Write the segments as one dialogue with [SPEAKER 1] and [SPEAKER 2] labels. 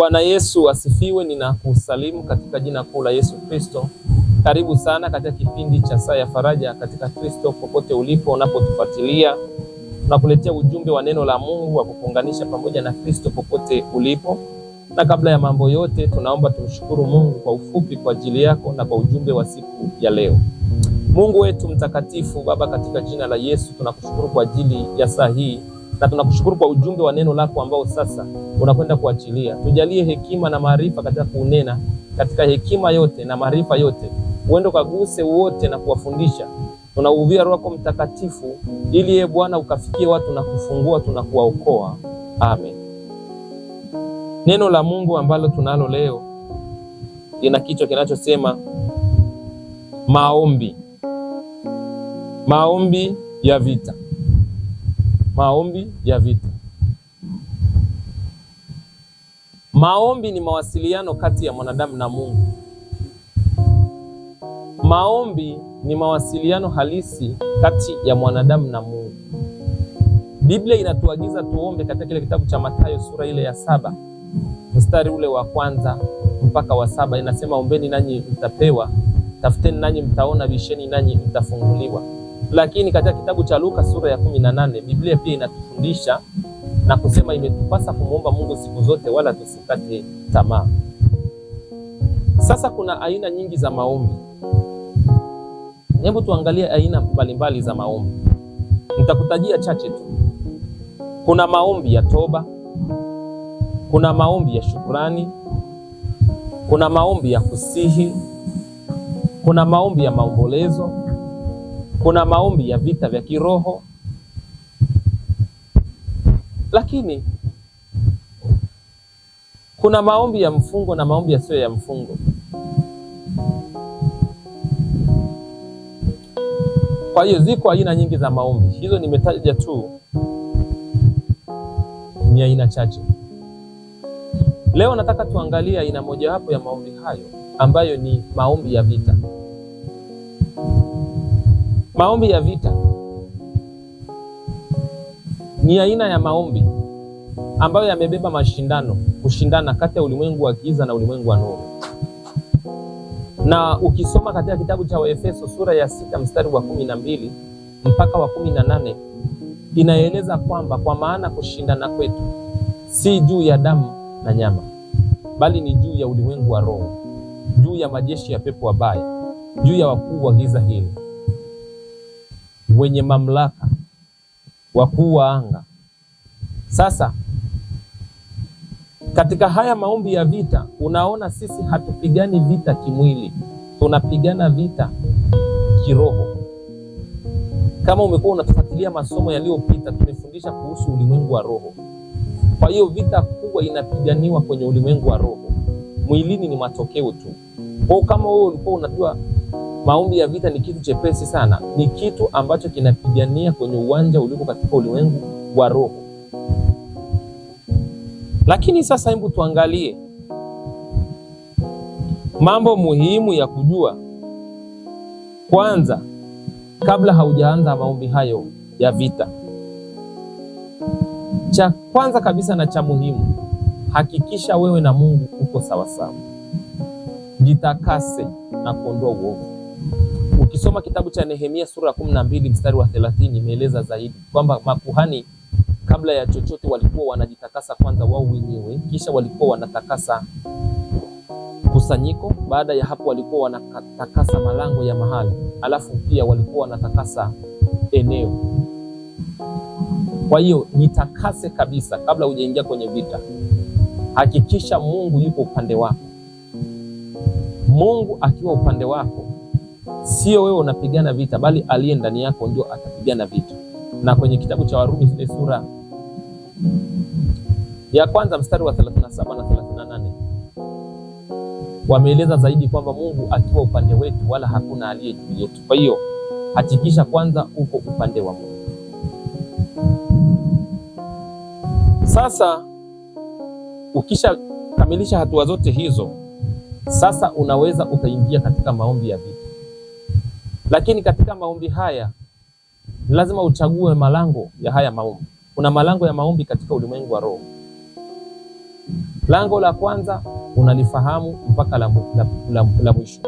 [SPEAKER 1] Bwana Yesu asifiwe. Ninakusalimu katika jina kuu la Yesu Kristo. Karibu sana katika kipindi cha Saa ya Faraja katika Kristo, popote ulipo unapotufuatilia, tunakuletea ujumbe wa neno la Mungu wa kukuunganisha pamoja na Kristo popote ulipo. Na kabla ya mambo yote, tunaomba tumshukuru Mungu kwa ufupi kwa ajili yako na kwa ujumbe wa siku ya leo. Mungu wetu mtakatifu, Baba, katika jina la Yesu tunakushukuru kwa ajili ya saa hii na tunakushukuru kwa ujumbe wa neno lako ambao sasa unakwenda kuachilia. Tujalie hekima na maarifa katika kunena, katika hekima yote na maarifa yote, uende kaguse wote na kuwafundisha. Tunauvia Roho yako Mtakatifu ili ye ee Bwana ukafikie watu na kufungua, tunakuwaokoa. Amen. Neno la Mungu ambalo tunalo leo lina kichwa kinachosema maombi, maombi ya vita maombi ya vita. Maombi ni mawasiliano kati ya mwanadamu na Mungu. Maombi ni mawasiliano halisi kati ya mwanadamu na Mungu. Biblia inatuagiza tuombe katika kile kitabu cha Mathayo sura ile ya saba mstari ule wa kwanza mpaka wa saba inasema, ombeni nanyi mtapewa, tafuteni nanyi mtaona, bisheni nanyi mtafunguliwa. Lakini katika kitabu cha Luka sura ya 18 Biblia pia inatufundisha na kusema imetupasa kumwomba Mungu siku zote, wala tusikate tamaa. Sasa kuna aina nyingi za maombi. Hebu tuangalie aina mbalimbali za maombi, nitakutajia chache tu. Kuna maombi ya toba, kuna maombi ya shukurani, kuna maombi ya kusihi, kuna maombi ya maombolezo kuna maombi ya vita vya kiroho, lakini kuna maombi ya mfungo na maombi yasiyo ya mfungo. Kwa hiyo ziko aina nyingi za maombi, hizo nimetaja tu ni aina chache. Leo nataka tuangalie aina mojawapo ya maombi hayo ambayo ni maombi ya vita. Maombi ya vita ni aina ya maombi ambayo yamebeba mashindano, kushindana kati ya ulimwengu wa giza na ulimwengu wa nuru. Na ukisoma katika kitabu cha Waefeso sura ya sita mstari wa kumi na mbili mpaka wa kumi na nane inaeleza kwamba kwa maana kushindana kwetu si juu ya damu na nyama, bali ni juu ya ulimwengu wa roho, juu ya majeshi ya pepo wabaya, juu ya wakuu wa giza hili wenye mamlaka, wakuu wa anga. Sasa katika haya maombi ya vita, unaona sisi hatupigani vita kimwili, tunapigana vita kiroho. Kama umekuwa unatufuatilia masomo yaliyopita, tumefundisha kuhusu ulimwengu wa roho. Kwa hiyo vita kubwa inapiganiwa kwenye ulimwengu wa roho, mwilini ni matokeo tu. Kwa kama wewe ulikuwa unajua Maombi ya vita ni kitu chepesi sana, ni kitu ambacho kinapigania kwenye uwanja uliko katika ulimwengu wa roho. Lakini sasa, hebu tuangalie mambo muhimu ya kujua kwanza, kabla haujaanza maombi hayo ya vita. Cha kwanza kabisa na cha muhimu, hakikisha wewe na Mungu uko sawasawa. Jitakase na kuondoa uovu. Ukisoma kitabu cha Nehemia sura ya kumi na mbili mstari wa thelathini imeeleza zaidi kwamba makuhani kabla ya chochote walikuwa wanajitakasa kwanza wao wenyewe, kisha walikuwa wanatakasa kusanyiko. Baada ya hapo, walikuwa wanatakasa malango ya mahali, alafu pia walikuwa wanatakasa eneo. Kwa hiyo jitakase kabisa kabla hujaingia kwenye vita. Hakikisha Mungu yuko upande wako. Mungu akiwa upande wako Sio wewe unapigana vita, bali aliye ndani yako ndio atapigana vita. Na kwenye kitabu cha Warumi zile sura ya kwanza mstari wa 37 na 38 wameeleza zaidi kwamba Mungu akiwa upande wetu wala hakuna aliye juu yetu. Kwa hiyo hakikisha kwanza uko upande wa Mungu. Sasa ukishakamilisha hatua zote hizo, sasa unaweza ukaingia katika maombi ya vita. Lakini katika maombi haya lazima uchague malango ya haya maombi. Kuna malango ya maombi katika ulimwengu wa roho. Lango la kwanza unalifahamu mpaka la, la, la, la mwisho.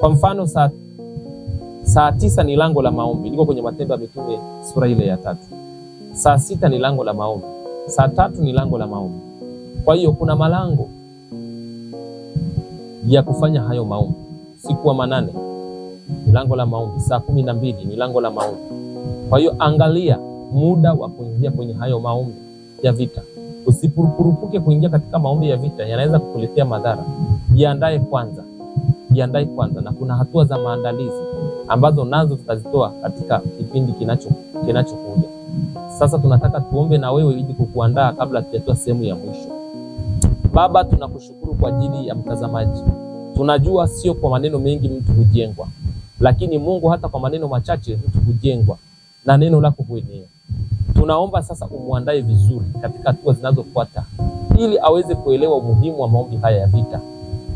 [SPEAKER 1] Kwa mfano saa, saa tisa ni lango la maombi, liko kwenye Matendo ya Mitume sura ile ya tatu. Saa sita ni lango la maombi, saa tatu ni lango la maombi. Kwa hiyo kuna malango ya kufanya hayo maombi, siku wa manane ni lango la maombi. Saa kumi na mbili ni lango la maombi. Kwa hiyo angalia muda wa kuingia kwenye hayo maombi ya vita. Usipurupurupuke kuingia katika maombi ya vita, yanaweza kukuletea madhara. Jiandae kwanza, jiandae kwanza, na kuna hatua za maandalizi ambazo nazo tutazitoa katika kipindi kinachokuja kinacho. Sasa tunataka tuombe na wewe ili kukuandaa kabla tujatoa sehemu ya mwisho. Baba, tunakushukuru kwa ajili ya mtazamaji. Tunajua sio kwa maneno mengi mtu hujengwa lakini Mungu hata kwa maneno machache mtu hujengwa na neno lako kuenea. Tunaomba sasa umwandae vizuri katika hatua zinazofuata ili aweze kuelewa umuhimu wa maombi haya ya vita.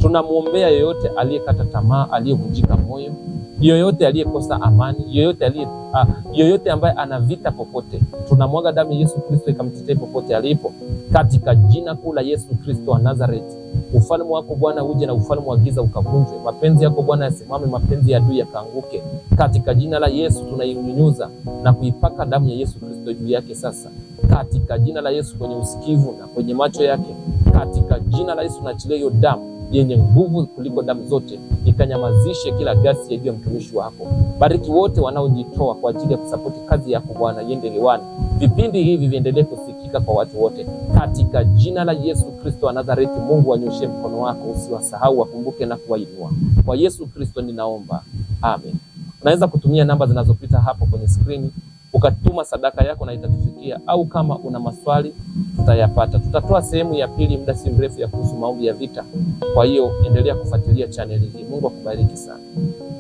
[SPEAKER 1] Tunamwombea yeyote aliyekata tamaa, aliyevunjika moyo Yoyote aliyekosa amani, yoyote aliye uh, yoyote ambaye ana vita popote, tunamwaga damu ya Yesu Kristo ikamtetee popote alipo, katika jina kuu la Yesu Kristo wa Nazareti. Ufalme wako Bwana uje na ufalme wa giza ukavunjwe. Mapenzi yako Bwana yasimame, mapenzi ya adui yakaanguke. Katika jina la Yesu tunainyunyuza na kuipaka damu ya Yesu Kristo juu yake sasa, katika jina la Yesu, kwenye usikivu na kwenye macho yake, katika jina la Yesu naachilia hiyo damu yenye nguvu kuliko damu zote, ikanyamazishe kila juu ya mtumishi wako. Bariki wote wanaojitoa kwa ajili ya kusapoti kazi yako Bwana, iende hewani. Vipindi hivi viendelee kusikika kwa watu wote, katika jina la Yesu Kristo wa Nazareti. Mungu wanyoshe mkono wako, usiwasahau, wakumbuke na kuwainua. Kwa Yesu Kristo ninaomba, amen. Unaweza kutumia namba zinazopita hapo kwenye skrini ukatuma sadaka yako na itatufikia, au kama una maswali tutayapata. Tutatoa sehemu ya pili muda si mrefu ya kuhusu maombi ya vita. Kwa hiyo endelea kufuatilia chaneli hii. Mungu akubariki sana.